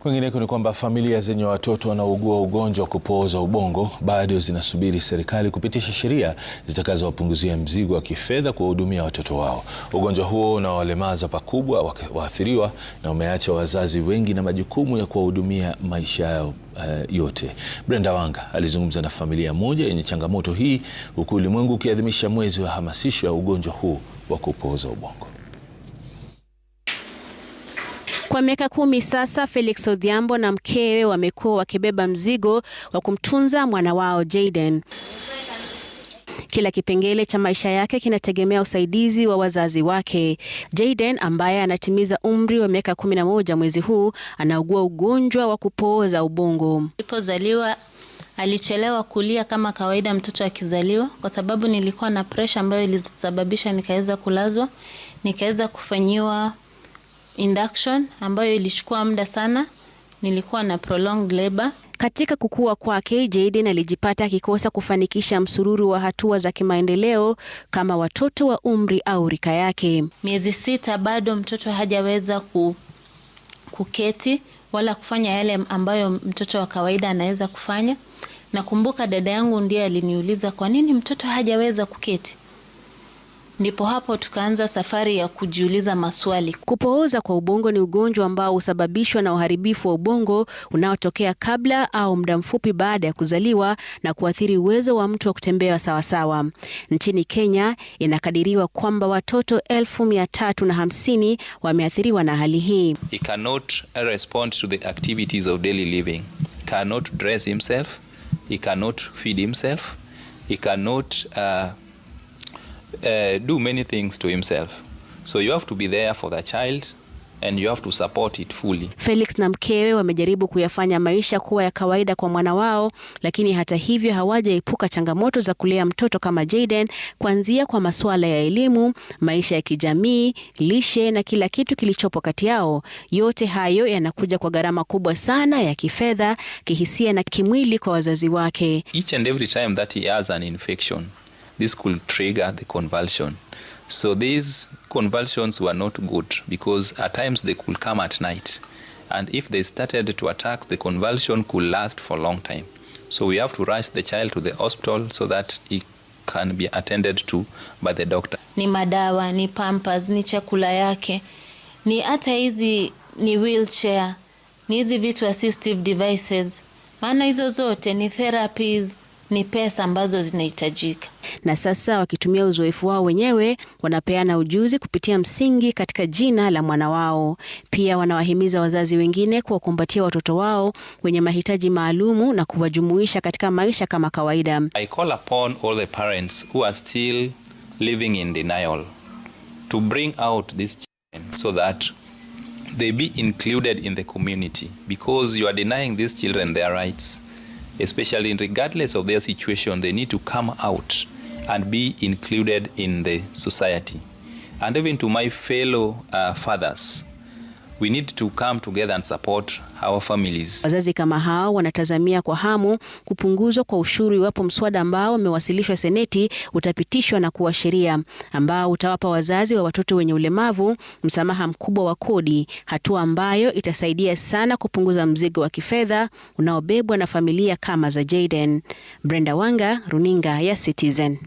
Kwingineko ni kwamba familia zenye watoto wanaougua ugonjwa wa kupooza ubongo bado zinasubiri serikali kupitisha sheria zitakazowapunguzia mzigo wa kifedha kuwahudumia watoto wao. Ugonjwa huo unawalemaza pakubwa waathiriwa na umeacha wazazi wengi na majukumu ya kuwahudumia maisha yao uh, yote. Brenda Wanga alizungumza na familia moja yenye changamoto hii huku ulimwengu ukiadhimisha mwezi wa hamasisho ya ugonjwa huo wa kupooza ubongo. Kwa miaka kumi sasa, Felix Odhiambo na mkewe wamekuwa wakibeba mzigo wa kumtunza mwana wao Jayden. Kila kipengele cha maisha yake kinategemea usaidizi wa wazazi wake. Jayden ambaye anatimiza umri wa miaka kumi na moja mwezi huu anaugua ugonjwa wa kupooza ubongo. Alipozaliwa alichelewa kulia kama kawaida mtoto akizaliwa, kwa sababu nilikuwa na presha ambayo ilisababisha nikaweza kulazwa, nikaweza kufanyiwa induction ambayo ilichukua muda sana, nilikuwa na prolonged labor. Katika kukua kwake, Jaden alijipata akikosa kufanikisha msururu wa hatua za kimaendeleo kama watoto wa umri au rika yake. Miezi sita bado mtoto hajaweza ku, kuketi wala kufanya yale ambayo mtoto wa kawaida anaweza kufanya. Nakumbuka dada yangu ndiye aliniuliza kwa nini mtoto hajaweza kuketi. Ndipo hapo tukaanza safari ya kujiuliza maswali. Kupooza kwa ubongo ni ugonjwa ambao husababishwa na uharibifu wa ubongo unaotokea kabla au muda mfupi baada ya kuzaliwa na kuathiri uwezo wa mtu wa kutembea sawasawa. Nchini Kenya inakadiriwa kwamba watoto elfu mia tatu na hamsini wameathiriwa na hali hii. He cannot respond to the activities of daily living. He cannot dress himself. He cannot feed himself. He cannot, uh uh, do many things to himself so you have to be there for the child and you have to support it fully. Felix na mkewe wamejaribu kuyafanya maisha kuwa ya kawaida kwa mwana wao, lakini hata hivyo hawajaepuka changamoto za kulea mtoto kama Jayden, kuanzia kwa masuala ya elimu, maisha ya kijamii, lishe na kila kitu kilichopo kati yao. Yote hayo yanakuja kwa gharama kubwa sana ya kifedha, kihisia na kimwili kwa wazazi wake. Each and every time that he has an infection this could trigger the convulsion. So these convulsions were not good because at times they could come at night. And if they started to attack, the convulsion could last for a long time. So we have to rush the child to the hospital so that he can be attended to by the doctor. Ni madawa, ni pampers, ni chakula yake, ni hata hizi ni wheelchair, ni hizi vitu assistive devices, maana hizo zote ni therapies ni pesa ambazo zinahitajika. Na sasa wakitumia uzoefu wao wenyewe wanapeana ujuzi kupitia msingi katika jina la mwana wao. Pia wanawahimiza wazazi wengine kuwakumbatia watoto wao wenye mahitaji maalumu na kuwajumuisha katika maisha kama kawaida. I call upon all the parents who are still living in denial to bring out children so that they be included in the community because you are denying these children their rights especially in regardless of their situation, they need to come out and be included in the society. And even to my fellow uh, fathers, We need to come together and support our families. Wazazi kama hao wanatazamia kwa hamu kupunguzwa kwa ushuru iwapo mswada ambao umewasilishwa Seneti utapitishwa na kuwa sheria, ambao utawapa wazazi wa watoto wenye ulemavu msamaha mkubwa wa kodi, hatua ambayo itasaidia sana kupunguza mzigo wa kifedha unaobebwa na familia kama za Jayden. Brenda Wanga, Runinga ya Citizen.